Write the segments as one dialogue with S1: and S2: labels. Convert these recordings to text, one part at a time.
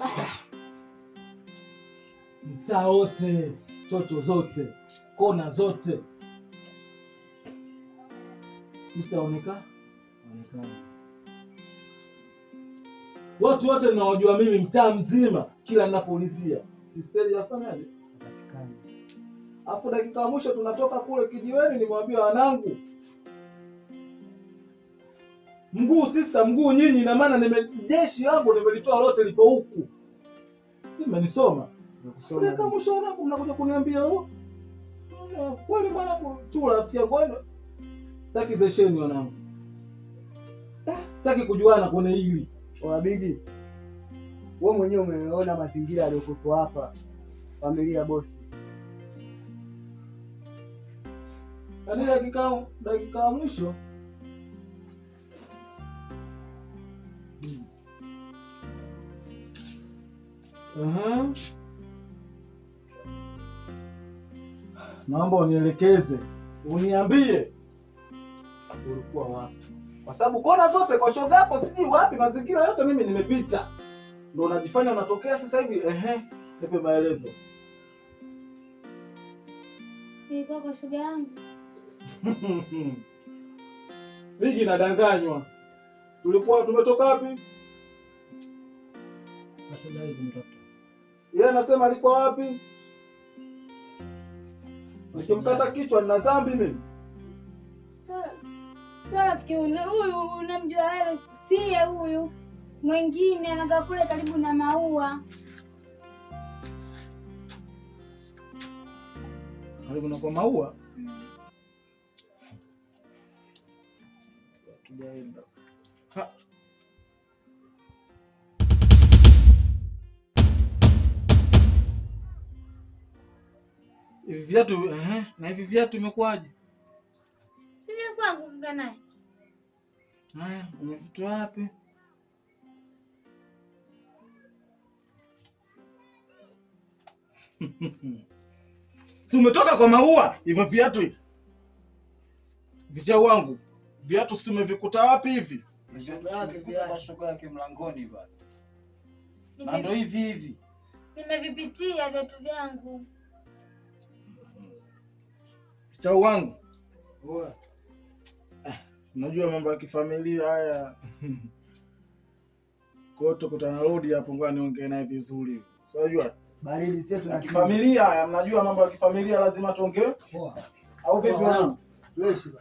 S1: Ah. mtaa wote, chocho zote, kona zote, sitaoneka Watu wote ninaojua mimi, mtaa mzima, kila ninapoulizia sisteri yafanyaje, afu dakika ya mwisho tunatoka kule kijiweni, nimwambia wanangu mguu sister, mguu nyinyi, ina maana nime jeshi langu nimelitoa lote, lipo huku. Si mmenisoma? Nimesoma. Mwisho wangu mnakuja kuniambia huo kweli mwanangu, tu rafiki yangu sitaki zesheni wanangu, ah. sitaki kujuana kwenye hili
S2: wabigi. Oh, wewe mwenyewe umeona mazingira yaliyokuwa hapa, familia bosi
S1: ani dakika dakika mwisho Uhum. Naomba unielekeze, uniambie ulikuwa wapi, kwa sababu kona zote kwa shoga yako sijui wapi, mazingira yote mimi nimepita, ndo unajifanya unatokea sasa hivi. Ehe, nipe maelezo.
S3: Nilikuwa kwa shoga yangu
S1: hiki nadanganywa. Tulikuwa tumetoka wapi? yeye anasema alikuwa wapi? Nikimkata kichwa nina dhambi mimi?
S3: Sasa rafiki huyu unamjua wewe, sie huyu mwingine anakaa kule karibu na maua.
S1: Karibu na kwa maua mm. hivi viatu eh, na hivi viatu imekuwaje?
S3: Si vya kwangu kaka naye.
S1: Haya, umevitoa wapi? Si umetoka kwa maua hivyo viatu vijao wangu viatu si tumevikuta wapi hivi?
S2: Shoga yake mlangoni bado.
S1: Na hivi hivi.
S3: Nimevipitia viatu vyangu.
S1: Kichau wangu, unajua mambo ya kifamilia haya. Kwa hiyo tukutana rodi hapo, ngoja niongee naye vizuri. Unajua
S2: baridi sisi tuna
S1: kifamilia haya, mnajua mambo ya kifamilia lazima tuongee, au vipi? Wanangu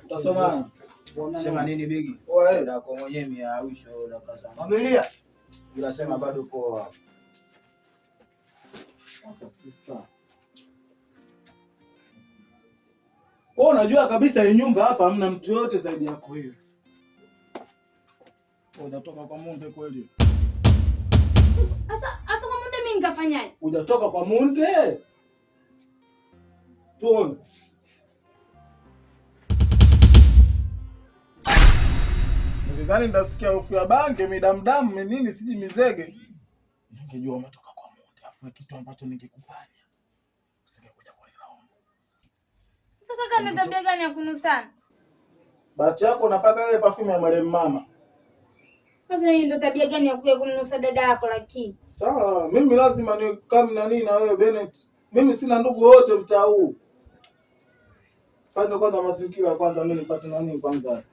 S1: utasomana
S2: sema nini? Bigi eh. dako mwenyewe miawisho dakaza
S1: familia, unasema bado poa Kwa unajua kabisa hii nyumba hapa hamna mtu yote zaidi yako wewe. ujatoka kwa munde kweli.
S3: Asa asa kwa munde mimi ngafanyaje?
S1: Hujatoka kwa munde? Tuone. Nilidhani ndasikia hofu ya bange midamdamu nini siji mizege. Ningejua umetoka kwa munde afu kitu ambacho ningekufanya.
S3: Sasa kaka, ana tabia gani ya kunusana?
S1: Bahati yako unapaka ile perfume ya mwalimu mama.
S3: Sasa hii ndo tabia gani ya kuja kumnusa dada yako? Lakini
S1: sawa, mimi lazima ni kama nani na wewe Bennett, mimi sina ndugu wote mtaa huu. Kwanza kwanza mazingira kwanza, mimi nipate nani kwanza.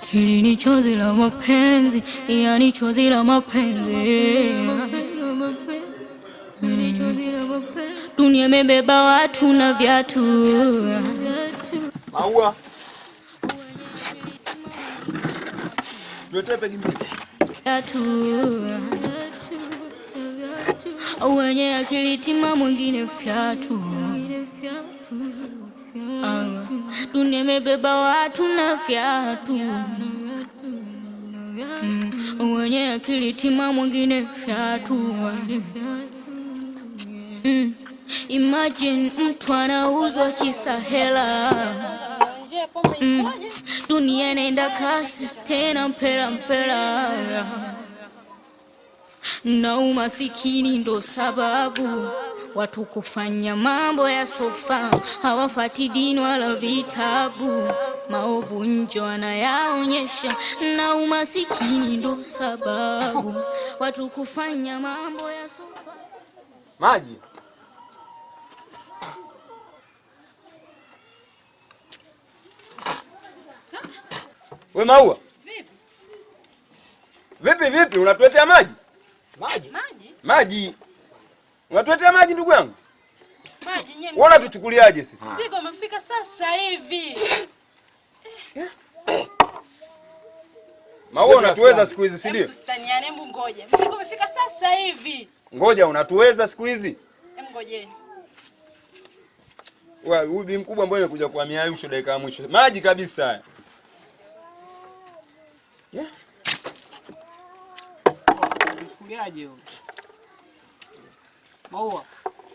S4: Hili ni chozi la mapenzi, ya ni chozi la mapenzi. Hmm. Dunia imebeba watu na viatu
S1: Maua. Tuletee pegi mbili.
S4: Wenye akili timamu mwingine fyatu. Ah. Dunia imebeba watu na fyatu. Mm. Wenye akili timamu mwingine fyatu. Mm. Imagine mtu anauzwa kisa hela. Mm. Dunia inaenda kasi tena, mpera mpera, na umasikini ndo sababu watu kufanya mambo ya sofa, hawafati dini wala vitabu, maovu njo anayaonyesha na umasikini ndo sababu watu kufanya mambo ya sofa.
S1: Maji. We Maua, vipi vipi vipi, unatuletea maji maji maji, unatuletea maji ndugu yangu, Maji nyenye. Wewe unatuchukuliaje sisi?
S3: Siko umefika sasa hivi
S1: Maua, unatuweza siku hizi, si ndio?
S3: Tusitaniane, hebu ngoja. Mzigo umefika sasa hivi.
S1: Ngoja, unatuweza siku hizi? Hebu ngojeni. Wewe huyu bi mkubwa ambaye amekuja kuhamia yusho dakika ya mwisho. Maji kabisa. Chukuliaje huyo? Maua.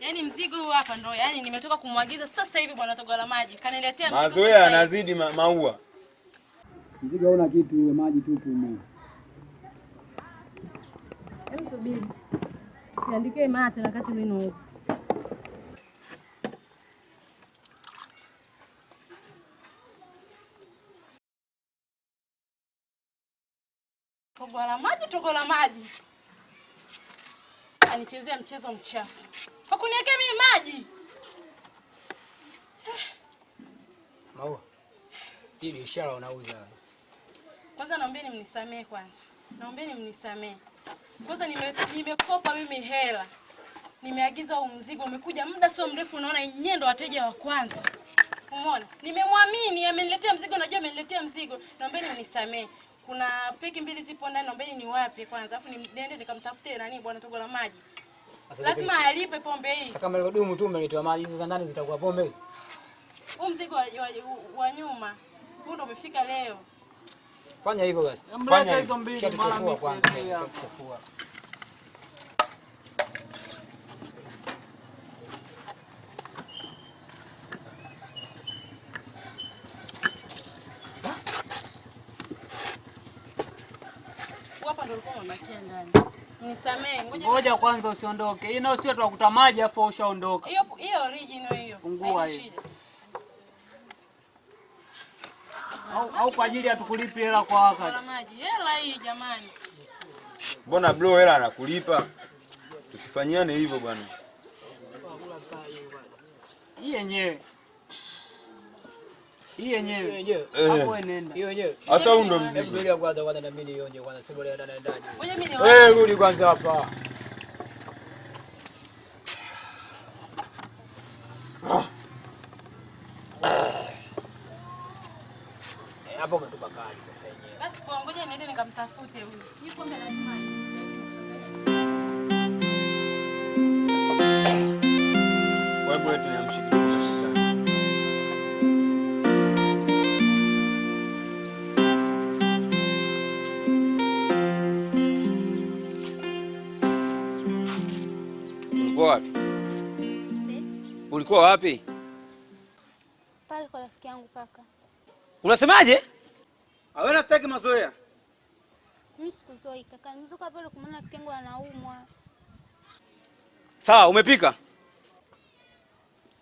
S3: Yaani mzigo huu hapa ndo, yaani nimetoka kumwagiza sasa hivi bwana togola maji. Kaniletea mzigo.
S1: Mazoea anazidi ma maua.
S2: Mzigo hauna kitu, maji tu tu.
S3: Hebu subiri. Siandike mate na kati mimi naoga. Togala maji, togola maji anichezea mchezo mchafu. kuniwekea mimi maji.
S1: Maua. Hii biashara unauza.
S3: Kwanza naombeni mnisamee kwanza. Naombeni mnisamee. Kwanza nime, nimekopa mimi hela. Nimeagiza huu mzigo umekuja muda sio mrefu unaona nyendo ndo wateja wa kwanza. Umeona? Nimemwamini ameniletea mzigo najua ameniletea mzigo. Naombeni mnisamee kuna peki mbili zipo ndani, naombeni wape kwanza, afu niende nikamtafute nani bwana togo la maji. Lazima alipe pombe hii. Sasa
S1: kama ile dumu tu umeletewa maji hizo za ndani zitakuwa pombe.
S3: Huu mzigo wa, wa, wa nyuma huu ndo umefika leo.
S1: Fanya hivyo basi. Fanya hizo mbili mara mbili.
S3: wabakie ndani. Nisamee,
S2: ngoja kwanza usiondoke. Hii nao sio tuakuta maji afu ushaondoka.
S3: Hiyo hiyo original hiyo.
S2: Fungua hiyo. Au au kwa ajili ya tukulipi hela kwa wakati.
S3: Kwa Maji. Hela hii jamani.
S1: Mbona bro hela anakulipa? Tusifanyiane hivyo bwana.
S2: Hii yenyewe hii yenyewe. Eh. Eh,
S1: kwanza hapa.
S2: Eh, hapo umetupa kali sasa
S3: yenyewe. Basi kwa ngoja niende nikamtafute mbele ya
S1: Wewe tunamshikilia. Ulikuwa wapi?
S3: Pale kwa rafiki yangu kaka.
S1: Unasemaje? Awe Awena sitaki mazoea.
S3: Mimi sikutoi kaka. Nimezoka pale kumwona rafiki yangu anaumwa.
S1: Sawa, umepika?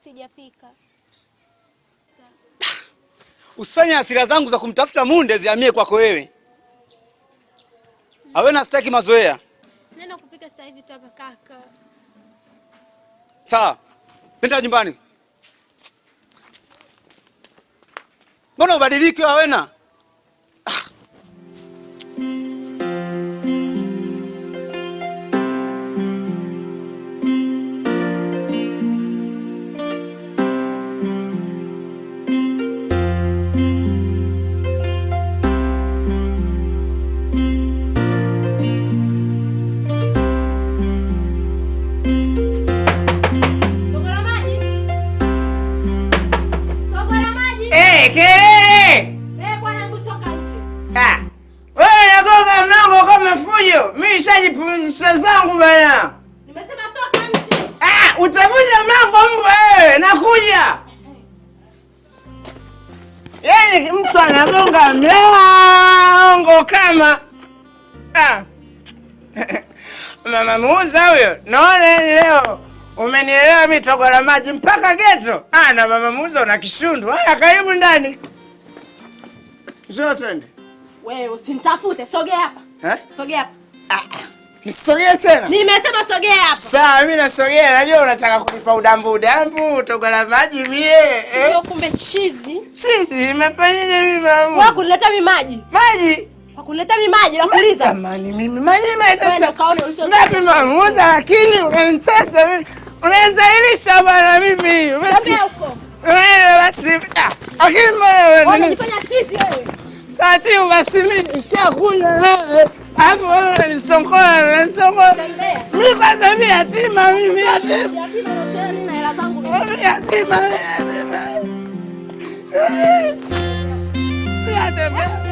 S3: Sijapika.
S1: Usifanye hasira zangu za kumtafuta munde ziamie kwako wewe. na staki mazoea.
S3: Nenda kupika sasa hivi tu hapa kaka.
S1: Sawa. Nenda nyumbani. Mbona ubadiliki wawena?
S5: kama ah. Mama muuza huyo, naona yaani leo umenielewa mimi, toka la maji mpaka geto. Ah, na mama muuza una kishundu Haya, karibu ndani zote.
S3: Wewe usimtafute, sogea hapa eh? Sogea hapa ah.
S5: Nisogee sana.
S3: Nimesema sogea hapa.
S5: Sawa, mimi nasogea. Najua unataka kunipa udambu udambu, toka la maji mie.
S3: Eh? Kumbe chizi.
S5: Chizi, imefanyaje mimi mama?
S3: Wako nileta mimi maji. Maji. Hakuleta mimi maji na kuuliza.
S5: Jamani mimi maji nimeleta. Ngapi mnauza akili unanitesa mimi. Unanizahilisha bwana mimi.
S3: Umesikia huko?
S5: basi. Ah, akili mbona wewe?
S3: Unanifanya chipi wewe?
S5: Kati basi mimi nishakunywa wewe. Hapo wewe unanisongoa, unanisongoa. Mimi kwanza mimi yatima mimi yatima.
S3: Mimi
S5: yatima. Sasa tembea.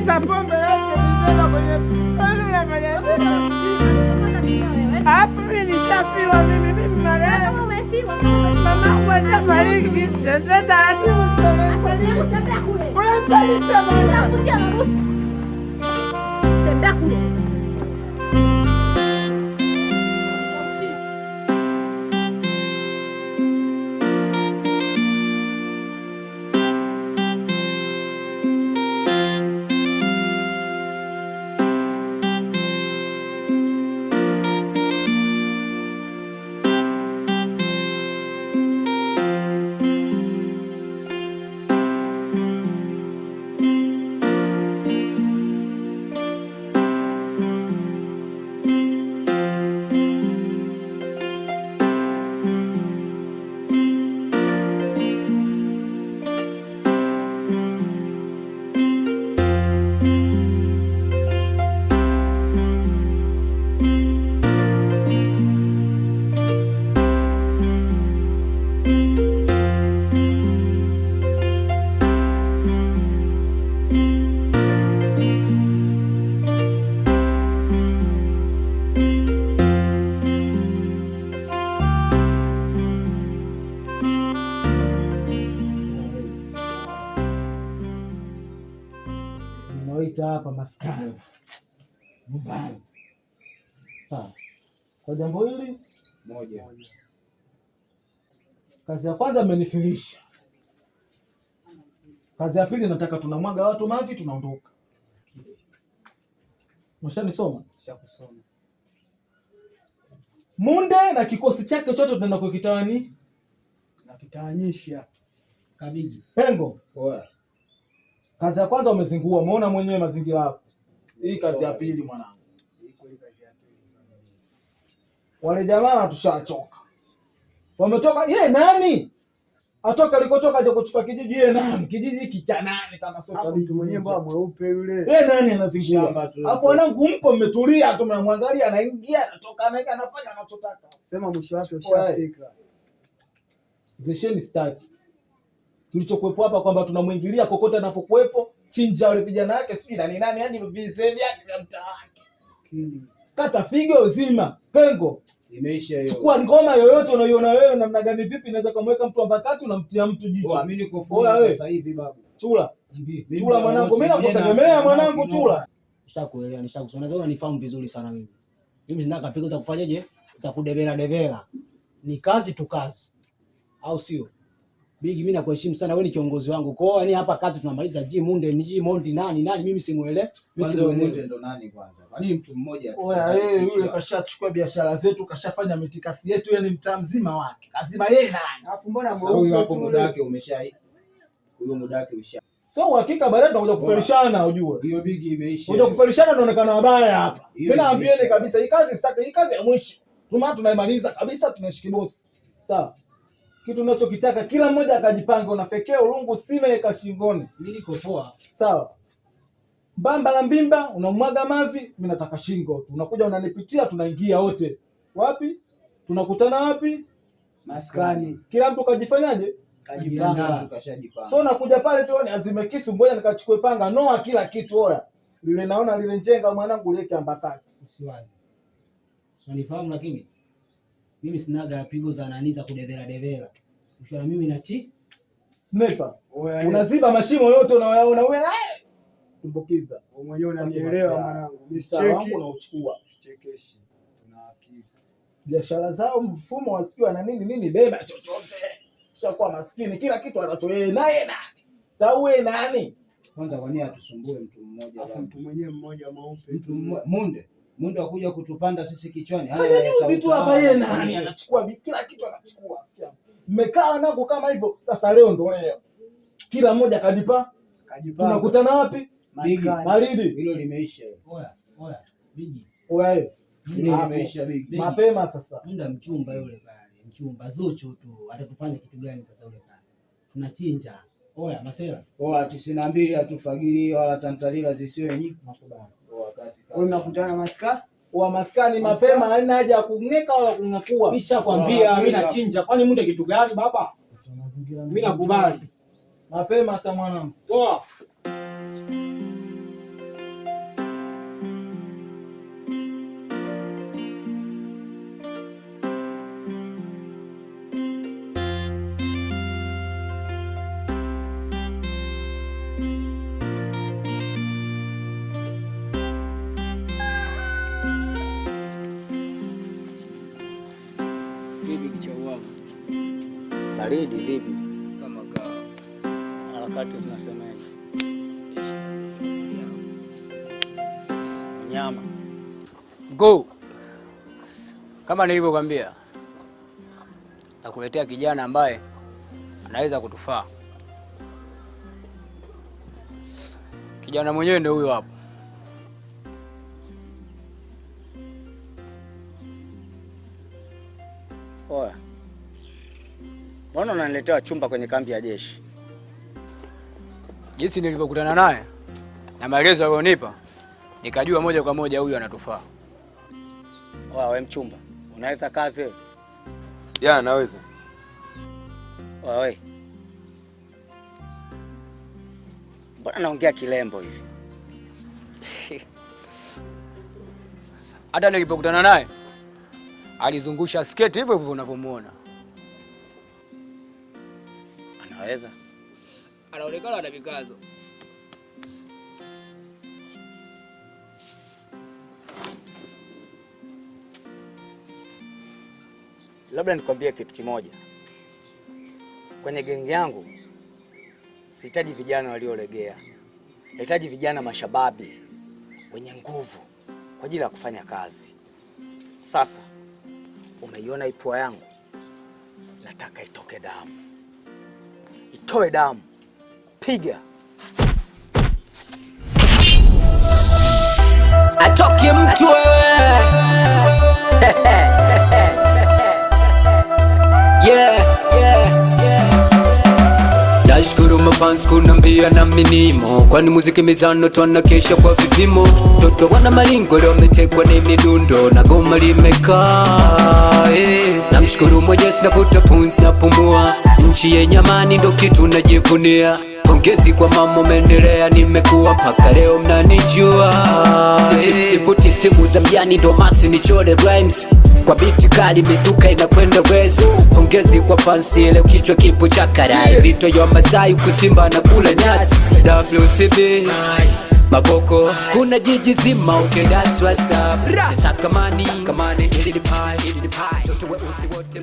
S5: ameleta pombe yake vibeba kwenye kisoni na kwenye beba, alafu mi nishafiwa mimi mimi mamangu ashafariki. Sasa taratibu unasalisha
S1: Nimewaita hapa maskani nyumbani, sawa. Kwa jambo hili moja, kazi ya kwanza amenifilisha Kazi ya pili nataka tunamwaga watu mavi, tunaondoka. Mshanisoma?
S2: Shakusoma.
S1: Munde na kikosi chake chote tunaenda kukitawani
S2: na kitawanyisha kabiji. Pengo. Poa.
S1: Kazi ya kwanza umezingua, umeona mwenyewe mazingira yako Hii kazi ya pili mwanangu. Wale jamaa tushachoka. Wametoka yeye nani? Atoka alikotoka aje kuchukua kijiji yeye nani? Kijiji hiki cha nani
S2: kama sio cha mtu mwenyewe bwana mweupe yule.
S1: Yeye nani anazingia? Hapo wanangu mpo mmetulia tu mnamwangalia anaingia anatoka anaweka anafanya anachotaka.
S2: Sema mwisho wake
S1: ushafika. Zesheni staki. Tulichokuepo hapa kwamba tunamwingilia kokote anapokuepo, chinja wale vijana wake sijui nani nani yani vizee vyake vya mtaa wake. Kata figo zima pengo.
S2: Imeisha hiyo.
S1: Chukua ngoma yoyote unaiona wewe namna gani vipi inaweza kumweka mtu ambakati unamtia mtu jicho. mimi niko sasa hivi babu. Chula. Chula mwanangu, mimi nakutegemea mwanangu chula.
S2: Nishakuelewa, nishakusema. Unaweza unanifahamu vizuri sana mimi. Mimi sina kapigo za kufanyaje? Za kudevela devela. Ni kazi tu kazi. Au sio? Big, mimi nakuheshimu sana, wewe ni kiongozi wangu. Kwa hiyo yani hapa kazi tunamaliza G Munde ni G Mondi nani nani, mimi simuelewe. Mimi simuelewe ndo nani kwanza? Kwa nini mtu mmoja tu?
S1: Wewe eh, yule kashachukua biashara zetu, kashafanya mitikasi yetu, yani mtaa mzima wake. Lazima yeye nani? Alafu
S2: mbona mbona Huyo hapo muda wake umesha. Huyo muda wake usha.
S1: So uhakika baadaye tunakuja kufarishana ujue.
S2: Hiyo Big imeisha. Tunakuja
S1: kufarishana tunaonekana wabaya hapa. Mimi naambieni kabisa hii kazi sitaki, hii kazi ya mwisho. Tumaa tunaimaliza kabisa tunashiki Sawa kitu unachokitaka, kila mmoja akajipanga Unafekea ulungu sina yeka shingoni,
S2: mimi niko poa.
S1: Sawa, bamba la mbimba unamwaga mavi, mimi nataka shingo tu. Unakuja unanipitia, tunaingia wote. Wapi tunakutana? Wapi?
S2: Maskani.
S1: Kila mtu kajifanyaje?
S2: Kajipanga.
S1: So nakuja pale tu, ni azime kisu, ngoja nikachukue panga, noa kila kitu. Oya, lile naona lile njenga mwanangu, leke ambakati usiwaje.
S2: So nifahamu, lakini mimi sinaga pigo za nani za kudevera devera Ushana mimi na chi
S1: sniper. Unaziba mashimo yote unayaona wewe. Tumbukiza. Wewe mwenyewe unanielewa mwanangu. Msicheki
S2: unauchukua. Msichekeshi. Una akili.
S1: Biashara zao mfumo wasikiwa na nini nini, beba chochote. shakuwa maskini kila kitu anacho yeye naye nani? Taue nani?
S2: Kwanza kwa nini atusumbue mtu mmoja? Alafu mtu mwenyewe mmoja mweupe. Mtu munde. Munde akuja kutupanda sisi kichwani.
S1: Haya, hapa yeye nani? Anachukua kila kitu anachukua mmekaa nako kama hivyo. Sasa leo ndo leo, kila mmoja kajipa kajipa. Tunakutana wapi? Maridi, hilo
S2: limeisha. Oya oya, bigi
S1: oya, hilo limeisha bigi. Mapema sasa,
S2: muda mchumba yule pale, mchumba Zuchu tu atatufanya kitu gani sasa? Yule pale tunachinja. Oya masela, oya, tisini na mbili hatufagili wala tantalila zisiwe nyingi.
S1: Nakutana maskani wa maskani mapema, haina haja ya kung'eka wala misha Nishakwambia mimi nachinja, kwani munde kitu gani baba? Mimi nakubali mapema. Sasa mwanangu, poa.
S2: wote hivi. Nyama
S1: go, kama nilivyokwambia, nakuletea kijana ambaye anaweza kutufaa. Kijana mwenyewe ndio huyo hapo.
S2: Oya, mbona unaniletea chumba kwenye kambi ya jeshi?
S1: jinsi nilivyokutana naye na maelezo alionipa nikajua moja kwa moja huyu anatufaa.
S2: Wewe mchumba, unaweza kazi? Ya, naweza. Wewe mbona naongea kilembo hivi?
S1: hata nilipokutana naye alizungusha sketi hivyo hivyo unavyomuona.
S2: Anaweza anaonekana ana vikazo. Labda nikwambie kitu kimoja, kwenye gengi yangu sihitaji vijana waliolegea, nahitaji vijana mashababi wenye nguvu kwa ajili ya kufanya kazi. Sasa unaiona ipua yangu, nataka itoke damu, itoe damu piga. Atoke mtu wewe. Nashukuru mafans kunambia na minimo, kwani muziki mizano kesha kwa vipimo. Toto wana malingo leo wametekwa ni midundo na goma limekaa hey. Eh. Namshukuru Mwenyezi navuta pumzi napumua, nchi yenye amani ndo kitu najivunia. Pongezi kwa mambo mendelea, nimekuwa mpaka leo mnanijua. Sifuti stimu za mjani, ndo masi nichore rhymes kwa biti kali, mizuka inakwenda wezo. Pongezi kwa fansi ile kichwa kipo cha karai, vito ya Masai kusimba na kula nyasi. WCB maboko kuna jiji zima ukenda swasa sakamani, sakamani, hili ni pai, hili ni pai, wote wote